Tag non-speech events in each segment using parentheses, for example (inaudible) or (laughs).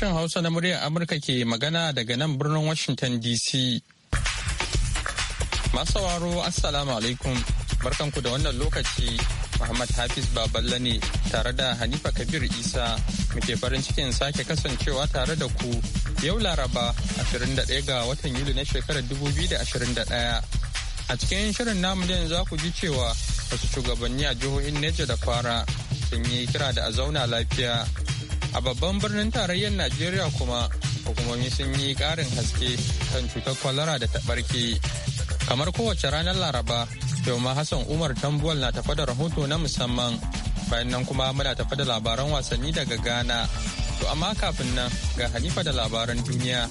Sashen Hausa na muryar Amurka ke magana daga nan birnin Washington DC. Masu sauraro Assalamu alaikum. Barkanku da wannan lokaci. Muhammad Hafiz Baballe ne tare da Hanifa Kabir Isa muke farin cikin sake kasancewa tare da ku yau Laraba 21 ga watan Yuli na shekarar 2021. A cikin shirin namu da za ku ji cewa wasu shugabanni a jihohin Neja da fara sun yi kira da a zauna lafiya a babban birnin tarayyar najeriya kuma hukumomi sun yi karin haske kan cutar kwalara da ta barke kamar kowace ranar laraba yau hassan umar tambuwal na tafa da rahoto na musamman bayan nan kuma muna tafa da labaran wasanni daga ghana to amma kafin nan ga halifa da labaran duniya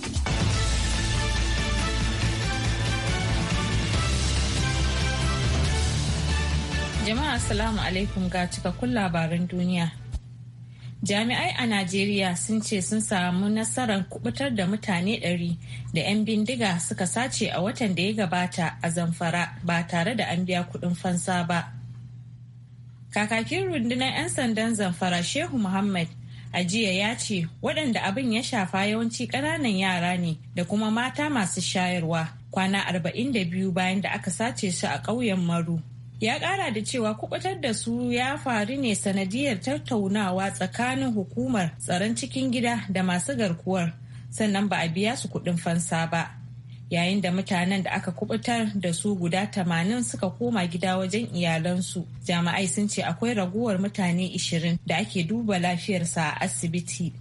jama'a assalamu alaikum ga cikakkun labaran duniya jami'ai a najeriya sun ce sun samu nasarar kubutar da mutane 100 da 'yan bindiga suka sace a watan da ya gabata a zamfara ba tare da an biya kudin fansa ba kakakin rundunar 'yan sandan zamfara shehu muhammad a jiya ya ce waɗanda abin ya shafa yawanci ƙananan yara ne da kuma mata masu shayarwa kwana 42 bayan da aka sace su a ƙauyen maru ya kara da cewa kubutar da su ya faru ne sanadiyar tattaunawa tsakanin hukumar tsaron cikin gida da masu garkuwar sannan ba a biya su kudin fansa ba yayin da mutanen da aka kubutar da su guda tamanin suka koma gida wajen iyalansu jami'ai sun ce akwai raguwar mutane 20 da ake duba lafiyarsa a asibiti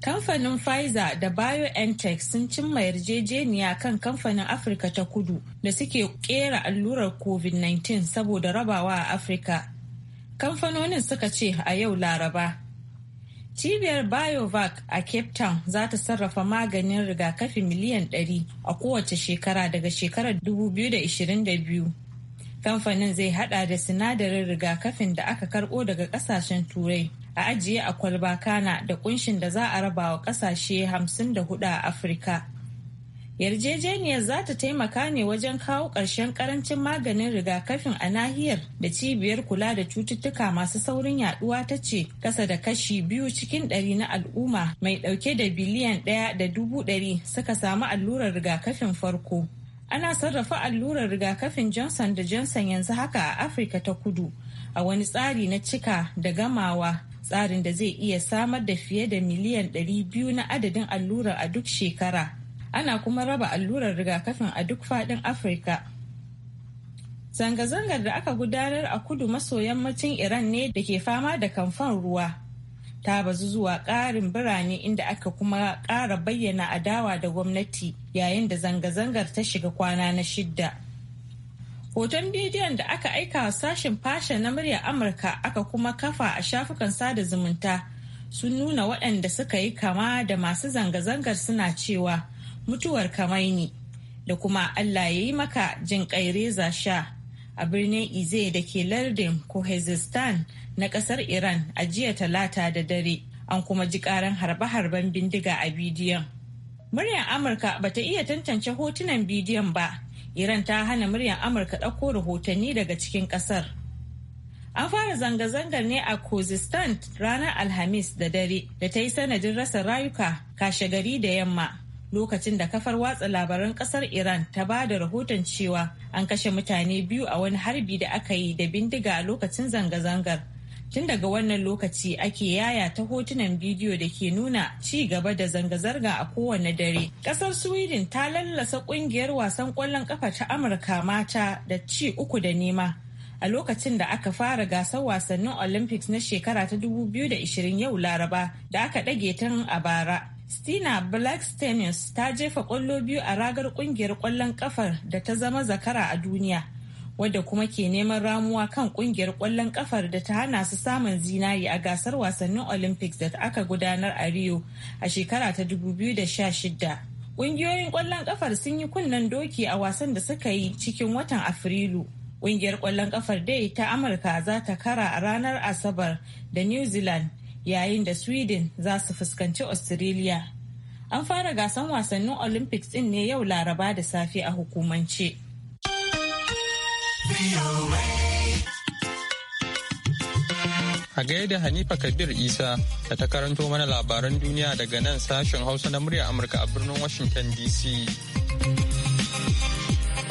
Kamfanin Pfizer da BioNTech sun cimma yarjejeniya kan kamfanin Afirka ta kudu da suke kera allurar COVID-19 saboda rabawa a Afirka. Kamfanonin suka ce a yau Laraba. Cibiyar BioVac a Cape Town za ta sarrafa maganin rigakafi miliyan 100 a kowace shekara daga shekarar 2022. Kamfanin zai hada da sinadarin rigakafin da aka karbo daga kasashen Turai. a ajiye a kwalba kana da kunshin da za a raba wa kasashe 54 a afirka yarjejeniyar za ta taimaka ne wajen kawo ƙarshen ƙarancin maganin rigakafin a nahiyar da cibiyar kula da cututtuka masu saurin yaduwa ta ce kasa da kashi biyu cikin ɗari na al'umma mai ɗauke da biliyan ɗaya da dubu ɗari suka samu allurar rigakafin farko ana sarrafa allurar rigakafin johnson da johnson yanzu haka a afirka ta kudu a wani tsari na cika da gamawa tsarin da zai iya samar da fiye da miliyan 200 na adadin allurar a duk shekara ana kuma raba allurar rigakafin a duk faɗin afirka zanga-zangar da aka gudanar a kudu maso yammacin iran ne da ke fama da kamfan ruwa ta bazu zuwa ƙarin birane inda aka kuma ƙara bayyana adawa da gwamnati yayin da zanga-zangar ta shiga kwana na shidda Hoton bidiyon da aka aika wa sashen fasha na murya Amurka aka kuma kafa a shafukan sada zumunta sun nuna waɗanda suka yi kama da masu zanga-zangar suna cewa mutuwar kamaini da kuma Allah ya yi maka jin reza sha a birnin Ize da ke lardin Kohezistan na ƙasar Iran a jiya talata da dare an kuma ji ƙaran harbe-harben bindiga a bidiyon. Muryar Amurka bata iya tantance hotunan bidiyon ba. Iran ta hana muryar Amurka ɗauko rahotanni daga cikin ƙasar. An fara zanga-zangar ne a Kuzistan ranar Alhamis da dare da ta yi sanadin rasa rayuka kashe gari da yamma lokacin da kafar watsa labaran ƙasar Iran ta ba da rahoton cewa an kashe mutane biyu a wani harbi da aka yi da bindiga a lokacin zanga-zangar Tun daga wannan lokaci ake yaya ta hotunan bidiyo da ke nuna ci gaba da zanga-zanga a kowane dare. Kasar Sweden ta lallasa kungiyar wasan kwallon kafa ta Amurka mata da ci uku da nema. A lokacin da aka fara gasar wasannin Olympics na shekara ta 2020 yau Laraba da aka ɗage tun a bara. Stina Blackstenius ta jefa ƙwallo biyu a ragar ƙungiyar ƙwallon ƙafar da ta zama zakara a duniya. wadda kuma ke neman ramuwa kan kungiyar kwallon kafar da ta hana su samun zinari a gasar wasannin olympics da aka gudanar a rio a shekara ta 2016 Ƙungiyoyin kwallon kafar sun yi kunnen doki a wasan da suka yi cikin watan afrilu Ƙungiyar kwallon kafar dai ta amurka za ta kara a ranar asabar da new zealand yayin da sweden za su fuskanci australia an fara gasan wasannin olympics din ne yau laraba da safe a hukumance A da Hanifa Kabir Isa da ta karanto mana labaran duniya daga nan sashen Hausa na murya Amurka a birnin Washington DC.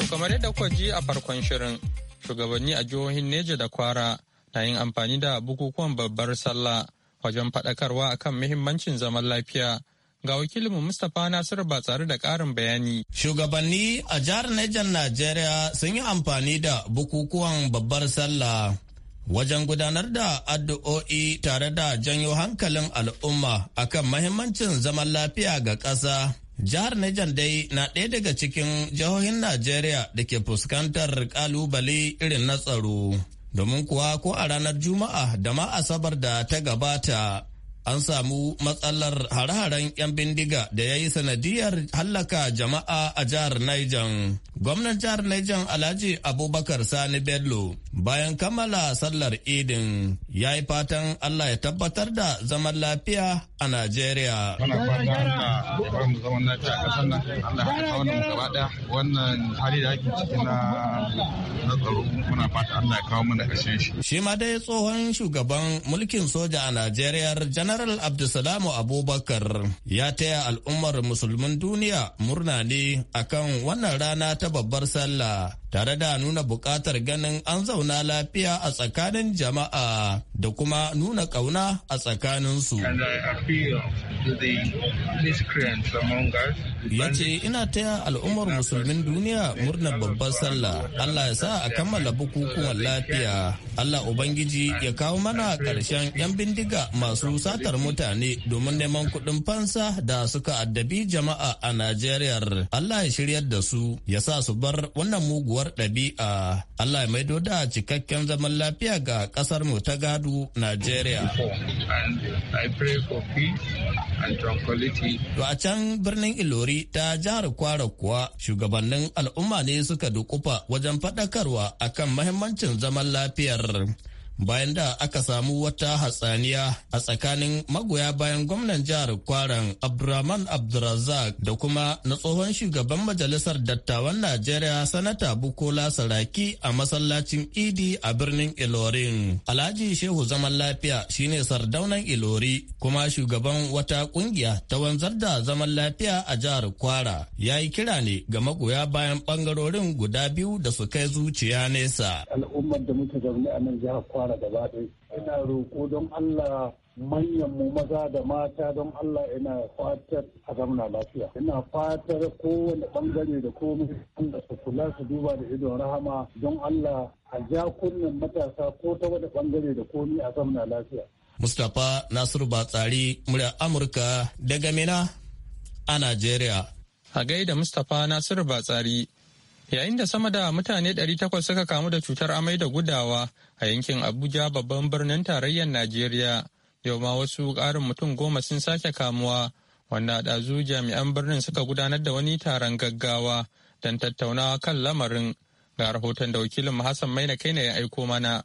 Kamar yadda kuka ji a farkon shirin, shugabanni a jihohin Neja da Kwara na yin amfani da bukukuwan babbar sallah wajen faɗakarwa akan muhimmancin zaman lafiya Ga wakilinmu Mustapha Nasiru ba tsare da ƙarin bayani. Shugabanni a jihar Nijar Najeriya sun yi amfani da bukukuwan babbar sallah wajen gudanar da addu'o'i tare da janyo hankalin al'umma akan mahimmancin zaman lafiya ga ƙasa. Jihar Nijar dai na ɗaya daga cikin jihohin Najeriya da ke fuskantar ƙalubale irin na tsaro. Domin kuwa ko a ranar Juma'a da ma Asabar da ta gabata an samu matsalar hare-haren 'yan bindiga da ya yi sanadiyar hallaka jama'a a jihar Niger. Gwamnan jihar Niger Alhaji Abubakar Sani Bello bayan kammala sallar idin ya yi fatan Allah ya tabbatar da zaman lafiya a Najeriya. Muna fata Allah ya ba mu zaman lafiya a ƙasar nan, Allah ya kawo mu gaba ɗaya wannan hali da ake ciki na tsaro muna fata Allah ya kawo mana ƙarshen shi. Shi ma dai tsohon shugaban mulkin soja a Najeriya Janar Janaral Abdulsalamu Abubakar ya taya al'ummar musulmin duniya murna ne akan wannan rana ta babbar sallah tare da nuna bukatar ganin an zauna lafiya a tsakanin jama'a da kuma nuna ƙauna a tsakanin su. Ya ce ina taya al'ummar musulmin duniya murnar babbar sallah Allah ya sa a kammala bukukuwan lafiya. Allah Ubangiji ya kawo mana ƙarshen 'yan bindiga masu satar mutane domin neman kuɗin fansa da suka addabi jama'a a Najeriya. Allah ya shiryar da su ya sa su bar wannan muguwar kyakkyawar ɗabi'a Allah ya maido da cikakken zaman lafiya ga ƙasar mu ta gado Najeriya. To a can birnin Ilori ta jihar Kwara kuwa shugabannin al'umma ne suka dukufa wajen faɗakarwa akan mahimmancin zaman lafiyar. bayan da aka samu wata hatsaniya a tsakanin magoya bayan gwamnan jihar kwaran abdurrahman abdulrazak da kuma na tsohon shugaban majalisar dattawan najeriya sanata bukola saraki a masallacin idi a birnin ilorin alhaji shehu zaman lafiya shine sardaunan ilori kuma shugaban wata kungiya ta wanzar da zaman lafiya a jihar kwara ya yi kira ne ga magoya bayan bangarorin guda biyu da su kai zuciya nesa al'ummar da muke zaune a nan jihar Amhara gaba Ina roƙo don Allah manyan mu maza da mata don Allah ina fatar a zamana lafiya. Ina fatar kowane bangare da komai da su kula su duba da idon rahama don Allah a ja kunnen matasa ko ta wani bangare da komai a zamana lafiya. Mustapha Nasiru Batsari, murya Amurka daga Mina a Najeriya. A gaida Mustapha Nasiru Batsari yayin da sama da mutane 800 suka kamu da cutar amai da gudawa a yankin abuja babban birnin tarayyar najeriya yau ma wasu ƙarin mutum goma sun sake kamuwa wanda ɗazu jami'an birnin suka gudanar da wani taron gaggawa don tattaunawa kan lamarin ga rahoton da wakilin hassan maina kai ya aiko mana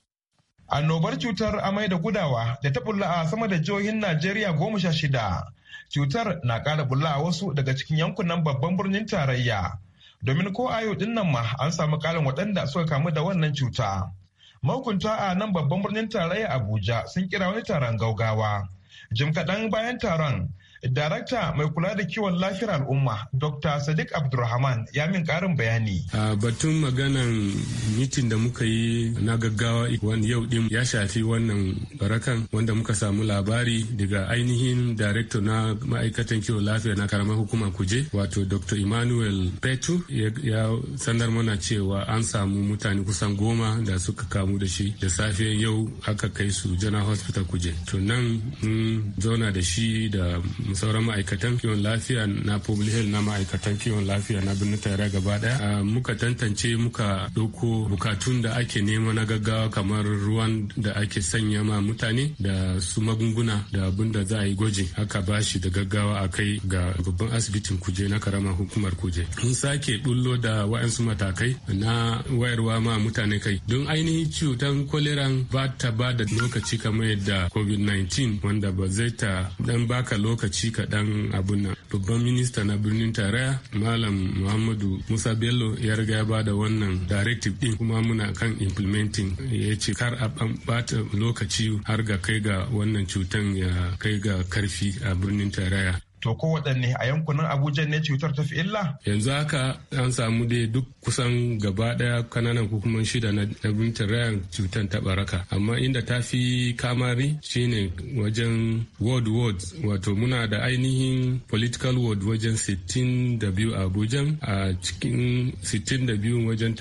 annobar cutar amai da gudawa da ta bulla a sama da jihohin najeriya goma sha shida cutar na ƙara bulla wasu daga cikin yankunan babban birnin tarayya domin ko ayo din nan ma an samu ƙarin waɗanda suka kamu da wannan cuta. Mahukunta a nan babban birnin tarayya Abuja sun kira wani taron gaugawa. Jim kaɗan bayan taron Darakta mai kula da kiwon lafiyar al'umma Dr. Sadiq Abdulrahman ya min karin bayani. A batun maganan mitin da muka yi na gaggawa wani yau din ya shafi wannan barakan wanda muka samu labari daga ainihin darakta na ma'aikatan kiwon lafiyar na karamar hukuma kuje wato Dr. Emmanuel Petu ya sanar mana cewa an samu mutane kusan goma da suka kamu da shi da safe yau aka kai su jana hospital kuje. To nan mun zauna da shi da sauran ma'aikatan kiwon lafiya na public health na ma'aikatan kiwon lafiya na birnin tare gaba daya ah, muka tantance muka doko bukatun da ake nema na gaggawa kamar ruwan da ake sanya ma mutane da su magunguna da abin da za a yi gwaji aka bashi da gaggawa a kai ga babban asibitin kuje na karama hukumar kuje mun sake bullo da wa'ansu matakai na wayarwa ma mutane kai don ainihin cutan kolera ba ta ba da lokaci kamar yadda covid-19 wanda ba zai ta dan baka lokaci shi kaɗan abun nan babban minista na birnin tarayya malam muhammadu musa bello ya riga ya bada wannan directive ɗin kuma muna kan implementing ya ce kar a bata lokaci har ga kai ga wannan cutan ya kai ga karfi a birnin tarayya to ko waɗanne a yankunan abuja ne cutar ta fi illa yanzu haka an samu dai duk kusan gaba ɗaya kananan hukumar shida na bintin rayan cutar ta baraka amma inda ta fi kamari shine wajen world world wato muna da ainihin political world wajen 62 abuja a cikin 62 wajen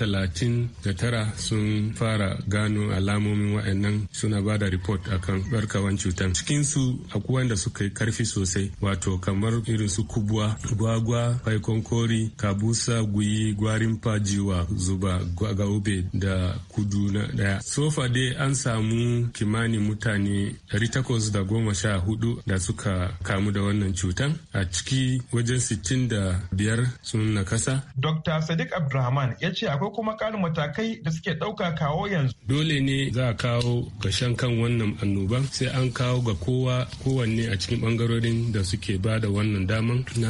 tara sun fara gano alamomin wa'annan suna ba da report akan barkawan cutar cikinsu akwai wanda suka yi karfi sosai wato kamar irin su kubwa gwagwa faikon kori kabusa guyi gwarin fajiwa zuba gaube da kudu na daya sofa dai an samu kimanin mutane 814 da goma sha hudu da suka kamu da wannan cutan a ciki wajen 65 sun nakasa dr sadiq abdulrahman ya ce akwai kuma karin matakai da suke ɗauka kawo yanzu dole ne za a kawo gashen kan wannan annoban sai an kawo ga kowa kowanne a cikin bangarorin da suke ba da wannan daman na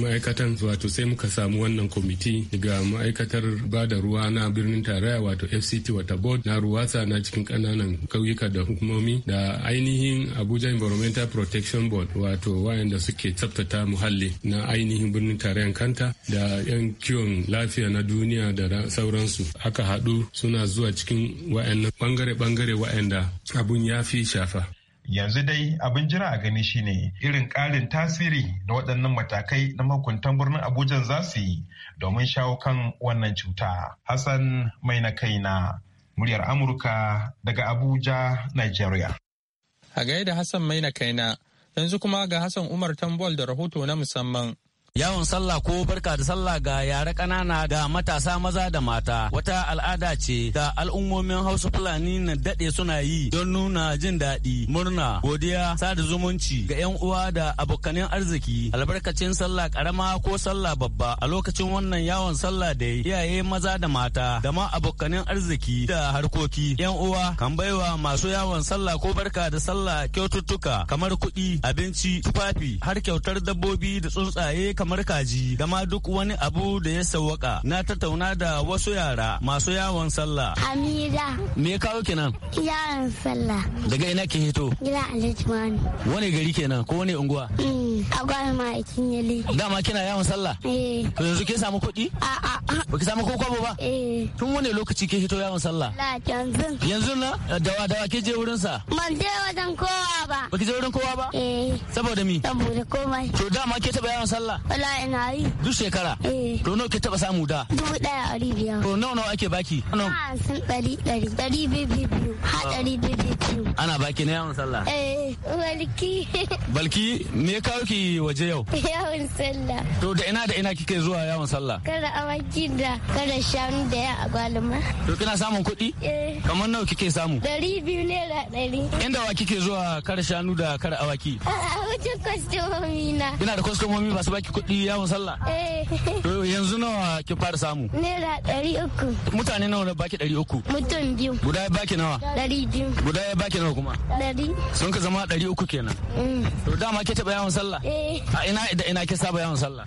ma'aikatan wato sai muka samu wannan kwamiti daga ma'aikatar ba da ruwa na birnin tarayya wato fct water board na ruwasa na cikin kananan kauyuka da hukumomi da ainihin abuja environmental protection board wato wayanda suke tsabtata muhalli na ainihin birnin tarayyan kanta da yan kiwon lafiya na duniya da sauransu aka haɗu suna zuwa cikin wayannan bangare-bangare wayanda abun ya fi shafa yanzu dai abin jira a gani shine irin ƙarin tasiri da waɗannan matakai na makuntan birnin abuja za su yi domin shawo kan wannan cuta hassan mai na kaina muryar amurka daga abuja nigeria a gaida hassan mai na kaina yanzu kuma ga hassan umar tambol da rahoto na musamman Yawon sallah ko barka da sallah ga yare ƙanana ga matasa maza da mata wata al'ada ce da al'ummomin Hausa Fulani na daɗe suna yi don nuna jin daɗi, murna, godiya, sada zumunci ga 'yan uwa da abokanin arziki albarkacin sallah ƙarama ko sallah babba a lokacin wannan yawon sallah da iyaye maza da mata da ma abokanin arziki da harkoki 'yan uwa kan baiwa masu yawon sallah ko barka da sallah kyaututtuka kamar kuɗi, abinci, tufafi har kyautar dabbobi da tsuntsaye kamar kamar kaji da duk wani abu da ya sawwaka na tattauna da wasu yara masu yawon sallah. Amira. Me ya kawo kenan? Yawon sallah. Daga ina ke hito? Gida Alhaji Wani gari kenan ko wani unguwa? Mm, Agwai ma ikin yale. Dama kina yawon sallah? Eh. To yanzu kin samu kuɗi? A'a. Baki samu ko kwabo ba? Eh. Tun wani lokaci ke hito yawon sallah? Yanzu. Yanzu na? Dawa dawa ke je wurin sa? Ban je wajen kowa ba. Baki je wurin kowa ba? Eh. Saboda mi? Saboda komai. To dama ke taɓa yawon sallah? Wala ina yi. Duk shekara? Eh. To nawa ke taba samu da? Dubu ɗaya a biyar. To nawa nawa ake baki? Ana sun ɗari ɗari. Ɗari biyu biyu. Ha ah. ɗari biyu biyu. Ana baki na yawon sallah? Eh. Balki. (laughs) Balki me ya kawo ki waje yau? Yawon sallah. To da ina da ina kike zuwa yawon sallah? Kada awaki da kada shanu da ya agwaluma. To kina samun kuɗi? Eh. Kamar nawa kike samu? Ɗari biyu naira ɗari. Inda wa kike zuwa kada shanu da kada awaki? A wajen kwastomomi na. Ina da kwastomomi ba su baki kuɗi yawon musalla? Eh. To yanzu nawa ki fara samu? Naira ɗari uku. Mutane nawa baki ɗari uku? Mutum biyu. Guda ya baki nawa? Ɗari biyu. Guda ya baki nawa kuma? Ɗari. Sun ka zama ɗari uku kenan. Mm. To dama ke taɓa yawon sallah? Eh. A ina da ina ke saba yawon sallah?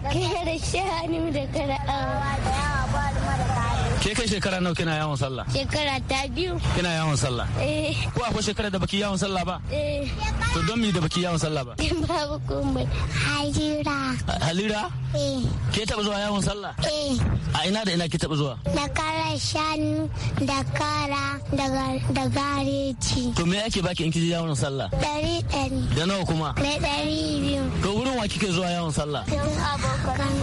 shi hannu da kara'a. Ke kai shekara nawa kina yawon sallah? Shekara ta biyu. Kina yawon sallah? Eh. Ko akwai shekara da baki yawon sallah ba? Eh. To don me da baki yawon sallah ba? (laughs) Babu komai. Halira. Halira? Eh. Ke taba zuwa yawon sallah? Eh. A ina da ina ke taba zuwa? Da kara shanu, da kara, da gareji. To me ake baki in kiji yawon sallah? Dari dari. Da nawa kuma? Me dari biyu. To wurin wa kike zuwa yawon sallah? abokan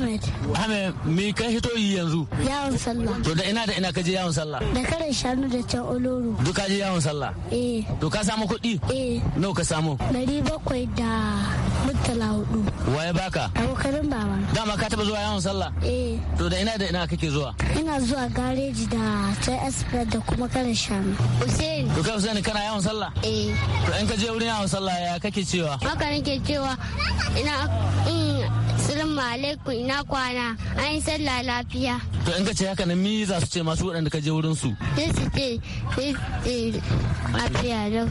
Muhammad. Muhammad me ka hito yi yanzu? Yawon sallah. To da ina da ina ka je yawon sallah? Da karin shanu da can oloro. Duk ka je yawon sallah? Eh. To ka samu kuɗi? Eh. Nau ka samu? Dari bakwai da murtala hudu. Waye baka? Abokanin baba. Dama ka taba zuwa yawon sallah? Eh. To da ina da ina kake zuwa? Ina zuwa gareji da sai asibiti da kuma karin shanu. Hussein. To kai Hussein kana yawon sallah? Eh. To in ka je wurin yawon sallah ya kake cewa? Haka nake cewa ina mm, Assalamu alaikum ina kwana an yi sallah lafiya. To in ka ce haka nan mi za su ce masu waɗanda ka je wurin su? Sai su ce eh, eh, lafiya lau.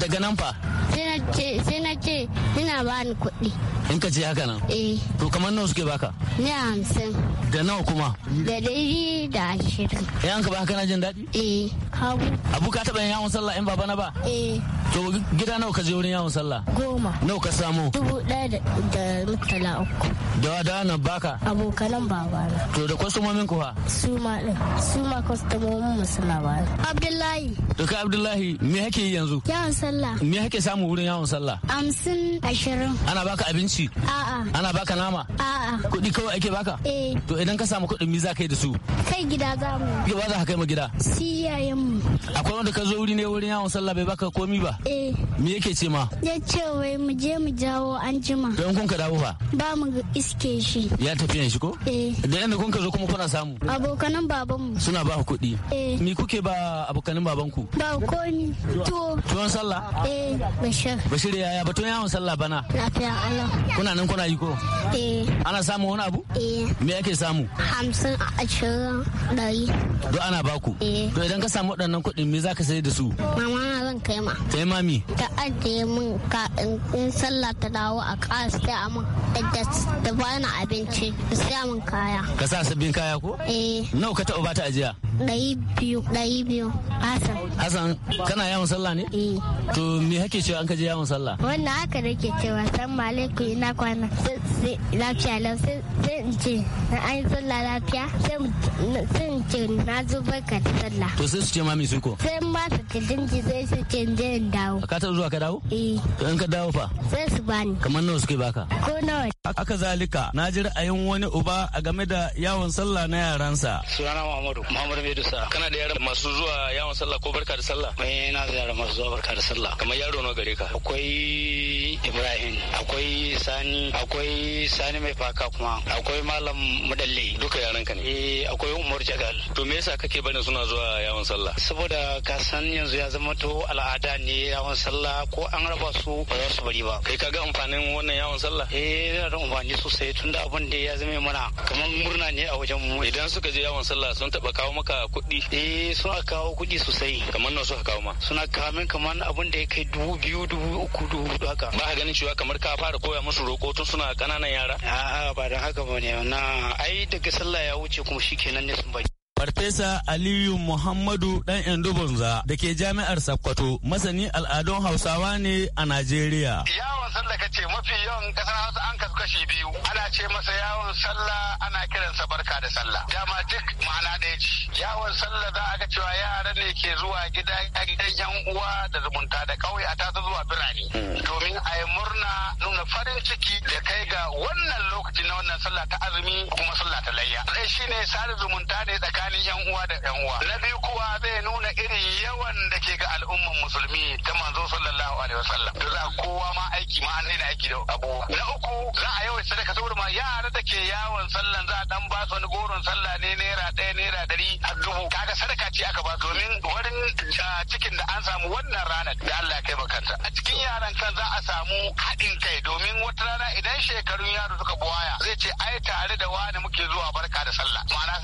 Daga nan fa? Sai na ce ina ba ni kuɗi. In ka ce haka nan? Eh. To kamar nawa suke baka? Ni hamsin. Da nawa kuma? Da ɗari da ashirin. Eh an ka baka kana jin daɗi? Eh. Habu. Abu ka taɓa yin yawon sallah in baba na ba? Eh. To gida nawa ka je wurin yawon sallah? Goma. Nawa ka samu? Dubu ɗaya da mutala uku. Da wa da nan baka? Abokanan baba na. To da kwastomomin kuwa. fa? Su ma ɗin. Su ma kwastomomin mu suna ba. Abdullahi. To ka Abdullahi me hake yi yanzu? Yawon sallah. Me hake samu wurin yawon sallah? Hamsin ashirin. Ana baka abinci? A'a. Ana baka nama? A'a. Kuɗi kawai ake baka? Eh. To idan ka samu kuɗin me za ka yi da su? Kai gida za mu. Ba za ka kai ma gida? Siyayen akwai wanda ka zo wuri ne wurin yawon sallah bai baka komi ba eh me yake ce ma ya ce wai mu je mu jawo an jima don kun ka dawo fa ba mu iske shi ya tafi shi ko eh da inda kun ka zo kuma kuna samu abokanan baban mu suna ba ku kuɗi eh me kuke ba abokanan baban ku ba komi to tuwon sallah eh bashir bashir yaya batun yawon sallah bana lafiya Allah kuna nan kuna yi ko eh ana samu wani abu eh me yake samu hamsin ashirin ɗari duk ana baku eh to idan ka samu waɗannan kuɗin me za ka sai da su? Mama zan kai ma. Kai mami? Ta ajiye min ka in sallah ta dawo a ƙasa sai a min da bani abinci sai a min kaya. Ka sa sabbin kaya ko? Eh. Nawa ka taɓa bata ajiya? ɗari biyu ɗari biyu Hassan. Hassan kana yawon sallah ne? Eh. To me kake cewa an ka je yawon sallah? Wannan haka da ke cewa san malaiku ina kwana lafiya lau sai in ce na an sallah lafiya sai in ce na zo barka da sallah. To sai su ce mami su ko? Sai in ba su tilin ji sai su ce in je in dawo. Ka taɓa zuwa ka dawo? Eh. To in ka dawo fa? Sai su bani. Kamar nawa suke baka? Ko nawa. Haka zalika na ji ra'ayin wani uba a game da yawon sallah na yaransa. Sunana Muhammadu. Muhammadu bai da sa kana da yaran masu zuwa yawon sallah ko barka da sallah Me eh, n'a da yaran masu zuwa barka da sallah kamar yaro nawa gare ka akwai ibrahim akwai sani akwai sani mai faka kuma akwai malam mudalle duka yaran ka ne eh akwai umar jagal to me yasa kake barin suna zuwa yawon sallah saboda ka san yanzu ya zama to al'ada ne yawon sallah ko an raba su ba za su bari ba kai kaga amfanin wannan yawon sallah eh yana da amfani sosai tunda abin da ya zama mana kamar murna ne a wajen mu idan suka je yawon sallah sun taba kawo maka kuɗi eh suna kawo kuɗi sosai kamar nawa suka kawo ma suna kawo min kamar abin da ya kai dubu biyu dubu uku dubu hudu haka ba ka ganin cewa kamar ka fara koya musu roƙo tun suna ƙananan yara a'a ba don haka ba ne na ai daga sallah ya wuce kuma shikenan ne sun baki Farfesa Aliyu Muhammadu Dan Indubunza da ke jami'ar Sakkwato masani al'adun Hausawa ne a Najeriya. Yawon sallah kace mafi yawan kasar Hausa an kasu kashi biyu. Ana ce masa yawon sallah ana kiransa barka da sallah. Dama duk ma'ana ɗaya ce. Yawon sallah za a ga cewa yara ne ke zuwa gida gidan yan uwa da zumunta da ƙauye a tasa zuwa birane. Hmm. Domin a yi murna nuna farin ciki da kai ga wannan lokaci na wannan sallah ta azumi kuma sallah ta layya. Ɗaya shine sada zumunta ne tsakanin tsakanin yan uwa da yan uwa na biyu kuwa zai nuna irin yawan da ke ga al'umman musulmi ta manzo sallallahu alaihi wasallam da za kowa ma aiki ma an aiki da abu. na uku za a yawan sadaka saboda ma yara da ke yawon sallan za a dan ba su wani goron sallah ne naira ɗaya naira ɗari a dubu kaga sadaka ce aka ba domin wurin ah, cikin da an samu wannan ranar da Allah kai bakanta a cikin yaran kan za a samu haɗin kai domin wata rana idan shekarun yaro suka buwaya zai ce ai tare da wani muke zuwa barka da sallah ma'ana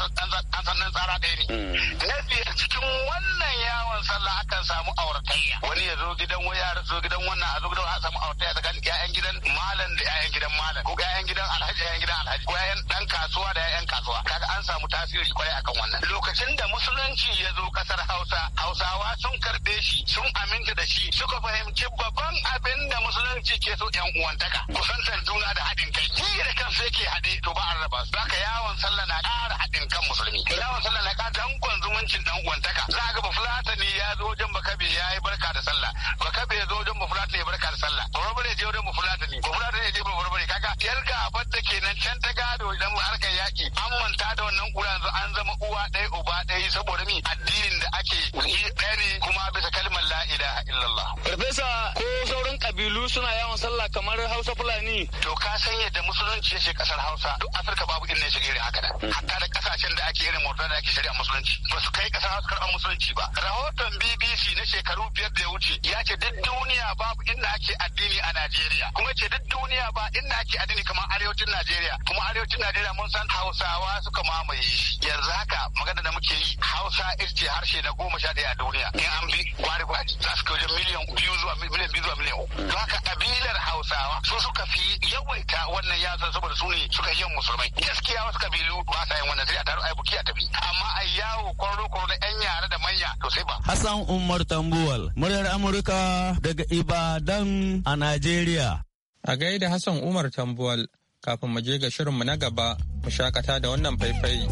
an san tsara ɗaya ne hmm. na biyar cikin wannan yawon sallah akan samu auratayya wani ya zo gidan wani ya zo gidan wannan a zo gidan a samu auratayya tsakanin ƴaƴan gidan malam da ƴaƴan gidan malam ko ƴaƴan gidan alhaji ƴaƴan gidan alhaji ko ƴaƴan ɗan kasuwa da tasiri kwarai akan wannan lokacin da musulunci ya zo kasar hausa hausawa sun karbe shi sun aminta da shi suka fahimci babban abin da musulunci ke so yan uwantaka kusantar juna da haɗin kai shi da kansa yake haɗe to ba an raba za ka yawon sallah na ƙara haɗin kan musulmi yawon sallah na ƙara dankon zumuncin dan uwantaka za ga ba fulatani ya zo wajen bakabe ya yi barka da sallah annabi ya zo wajen fulata ya barka da sallah barbare ya je wajen fulata ne bafulata ne ya je barbare kaga yar gabar da kenan can ta gado idan harkar yaki an manta da wannan kura yanzu an zama uwa ɗaya uba ɗaya saboda mi addinin da ake yi ɗaya ne kuma bisa kalmar la ilaha illallah farfesa ko kabilu suna yawon sallah kamar hausa fulani to ka san yadda musulunci ya ce kasar hausa duk afirka babu inda ya shiga irin haka da mm. hatta da kasashen da ake irin mordor da ake shari'a musulunci ba su kai kasar hausa karɓar musulunci ba rahoton bbc na shekaru biyar da ya wuce ya ce duk duniya babu inda ake addini a najeriya kuma ce duk duniya ba inda ake addini kamar arewacin najeriya kuma arewacin najeriya mun san hausawa suka mamaye yanzu haka magana da muke yi hausa irce harshe na goma sha ɗaya a duniya in an bi gwari gwari za su kai wajen miliyan biyu zuwa miliyan biyu zuwa miliyan uku Don haka kabilar Hausawa su suka fi yawaita wannan yatsa saboda su ne suka yi musulmai. Gaskiya wasu kabilu ba sa yin wannan sai a taru a buki a tafi. Amma a yawo kwaro kwaro da 'yan yara da manya to sai ba. Hassan Umar Tambuwal, muryar Amurka daga Ibadan a Najeriya. A gaida Hassan Umar Tambuwal, kafin mu je ga shirinmu na gaba, mu shakata da wannan faifai.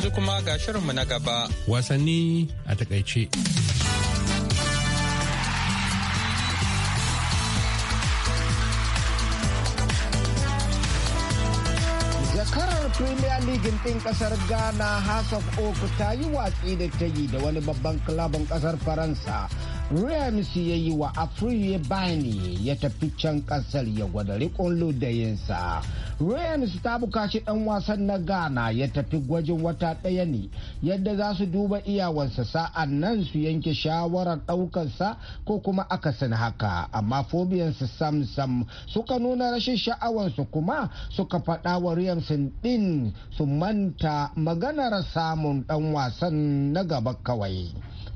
Yanzu kuma ga shirinmu na gaba. Wasanni a takaice. Premier League ɗin ƙasar Ghana House of Oak ta yi watsi da ta yi da wani babban kilabin ƙasar Faransa. rams ya yi wa Afriye Bani ya tafi can ƙasar ya gwada riƙon ludayinsa. ta bukaci ɗan wasan na Ghana ya tafi gwajin wata ɗaya ne yadda za su duba iyawarsa sa'an nan su yanke shawarar ɗaukarsa ko kuma akasin haka amma fobiyansu sam sam suka nuna rashin sha'awarsu kuma suka faɗa wa Ryan ɗin su manta maganar samun ɗan wasan na gaba kawai.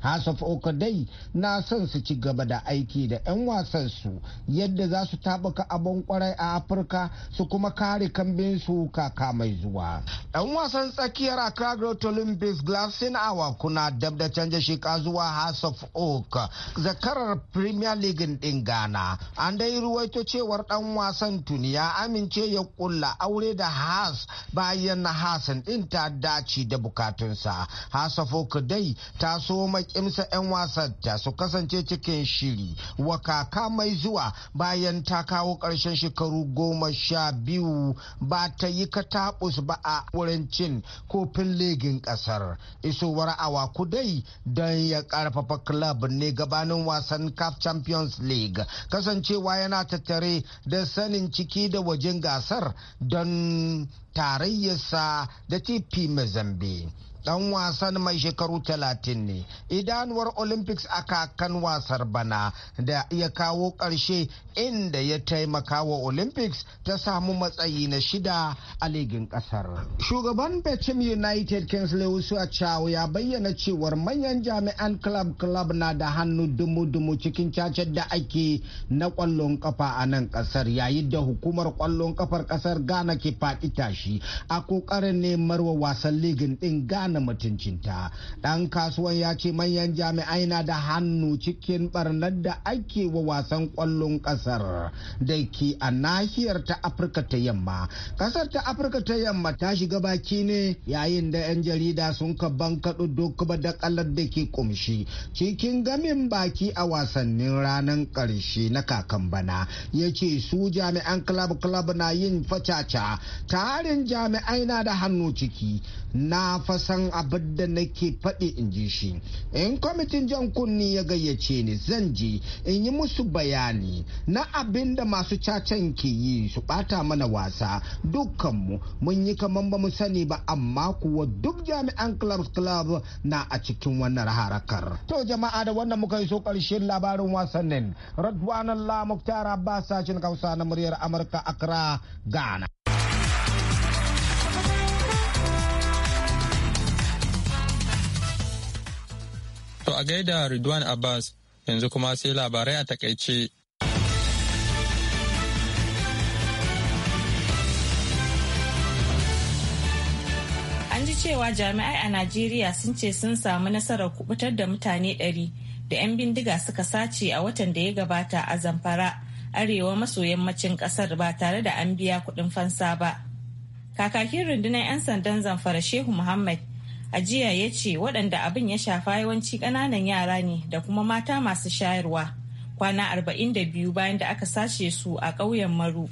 House of dai na son su ci gaba da aiki da 'yan wasan su yadda za su tabaka abin kwarai a Afirka su kuma kare kambin su kaka mai zuwa. ɗan wasan tsakiyar Accra Great Olympics Glasson Awa kuna dab da canja shika zuwa House of Oak zakarar Premier League din Ghana. An dai ruwaito cewar dan wasan tuni ya amince ya kulla aure da has bayan na Hassan din ta dace da bukatunsa. House of Oak dai ta so maki imsa 'yan wasan ta su kasance cikin shiri wa kaka mai zuwa bayan ta kawo ƙarshen shekaru goma sha biyu ba ta yi kataɓus ba a wurin cin kofin legin ƙasar isowar awa kudai don ya ƙarfafa club ne gabanin wasan CAF Champions League kasancewa yana tattare da sanin ciki da wajen gasar don tarayyarsa da TP Mazambe. dan wasan mai shekaru 30 ne idanuwar olympics a kakan wasar bana da ya kawo ƙarshe inda ya taimaka wa olympics ta samu matsayi na shida a ligin ƙasar shugaban Betim united kingsley a chao ya bayyana cewar manyan jami'an club club na da hannu dumu-dumu cikin cacar da ake na kwallon kafa a nan ƙasar yayin da hukumar kwallon kafar ƙasar ghana ke faɗi tashi a ƙoƙarin wa wasan ligin ɗin ghana danna mutuncinta ɗan kasuwan ya ce manyan jami'ai na da hannu cikin barnar da ake wa wasan ƙwallon ƙasar da ke a nahiyar ta afirka ta yamma ƙasar ta afirka ta yamma ta shiga baki ne yayin da 'yan jarida sun ka kaɗu duk da ƙalar da ke ƙumshi cikin gamin baki a wasannin ranar ƙarshe na kakan bana ya ce su jami'an club club na yin facaca tarin jami'ai na da hannu ciki na fasan abin da nake faɗi in ji shi in kwamitin jan kunni ya gayyace ni zan je in yi musu bayani na abin da masu cacan ke yi su ɓata mana wasa dukkanmu mun yi kaman ba mu sani ba amma kuwa duk jami'an club club na a cikin wannan harakar to jama'a da wannan muka yi so ƙarshen labarin wasannin radwanan la muktar abbas sashen kausa na muryar amurka accra ghana To a gaida Ridwan Abbas yanzu kuma sai labarai a takaice. An ji cewa jami'ai a Najeriya sun ce sun samu nasarar kubutar da mutane ɗari da 'yan bindiga suka sace a watan da ya gabata a Zamfara, arewa maso yammacin ƙasar ba tare da an biya kuɗin fansa ba. Kakakin rundunar 'yan sandan Zamfara Shehu Muhammad Ajiya ya ce waɗanda abin ya shafa yawanci ƙananan yara ne da kuma mata masu shayarwa kwana 42 bayan da aka sace su a ƙauyen maru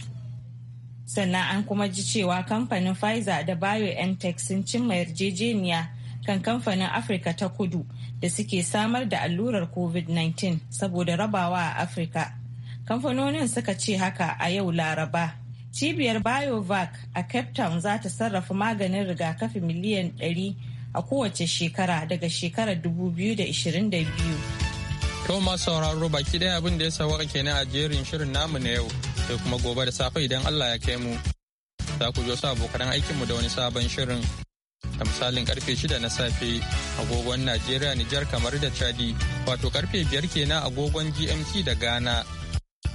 sannan an kuma ji cewa kamfanin pfizer da biontech sun cimma yarjejeniya kan kamfanin afirka ta kudu da suke samar da allurar covid-19 saboda rabawa a afirka kamfanonin suka ce haka a yau laraba cibiyar biovac a cape town za ta sarrafa maganin rigakafi miliyan ɗari. a kowace shekara daga shekarar 2022. To masu sauraro baki ɗaya abin da ya sawaka kenan a jerin shirin namu na yau sai kuma gobe da safe idan Allah ya kai mu. Za ku jo sa abokan aikinmu da wani sabon shirin da misalin karfe shida na safe agogon Najeriya Nijar kamar da Chadi wato karfe 5 kenan agogon GMT da Ghana.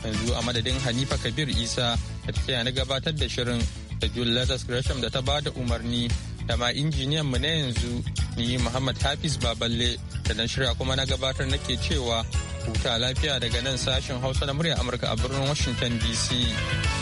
Yanzu a madadin Hanifa Kabir Isa da ta na gabatar da shirin da Julius Gresham da ta bada umarni da ma injiniyan mu na yanzu ni Muhammad Hafiz Baballe da na shirya kuma na gabatar nake cewa huta lafiya daga nan sashen Hausa na murya Amurka a birnin Washington DC.